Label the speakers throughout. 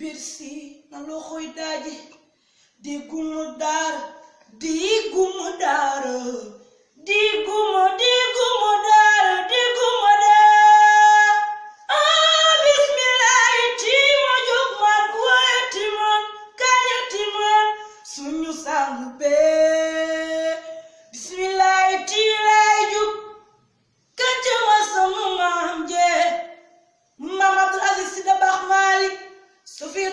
Speaker 1: bir si na loxoy daaji di gumu daar di gumu daar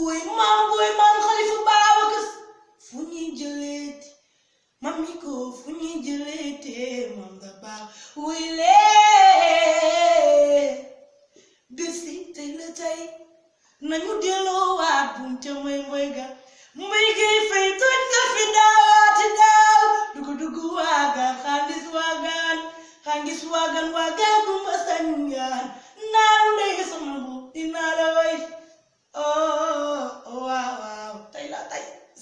Speaker 1: woy maam woy maam xalifa Babacar fu ñuy jëleeti mam mi ko fu ñuy jëleete mam da baax woy lee bési tey la tey nañu delloo waat bum ca may moy ga mbay gay fay toj nga fi daawaati daaw dugu dugu waagaan xaandis waagaan xaandis waagaan waagaan bu ma sañaan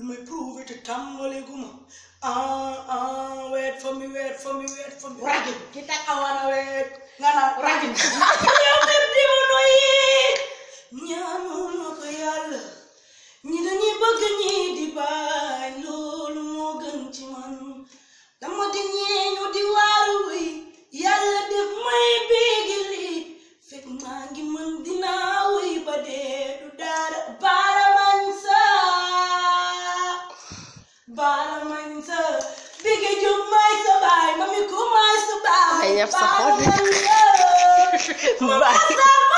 Speaker 1: lu may prouvé te tàmbalee gu ma ah ah wait for me wait for me wait for me rajin ki tax ah, a war a wait nga naan rajin ñaanal diw no yee ñaanal ma ko yàlla ñi dañuy bëgg ñi di bañ loolu moo gën ci man dama di ñeeñu di waaru wi yàlla baara mañ sa bigi jub may sa baay mami ku may sa baay baara mañ sa